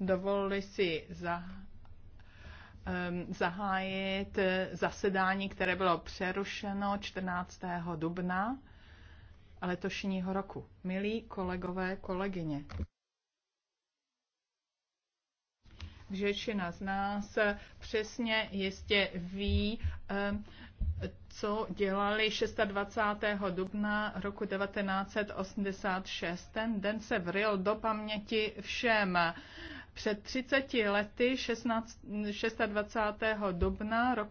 dovolili si za, um, zahájit eh, zasedání, které bylo přerušeno 14. dubna letošního roku. Milí kolegové, kolegyně. Většina z nás přesně jistě ví, eh, co dělali 26. dubna roku 1986. Ten den se vril do paměti všem. Před 30 lety 16, 26. dubna roku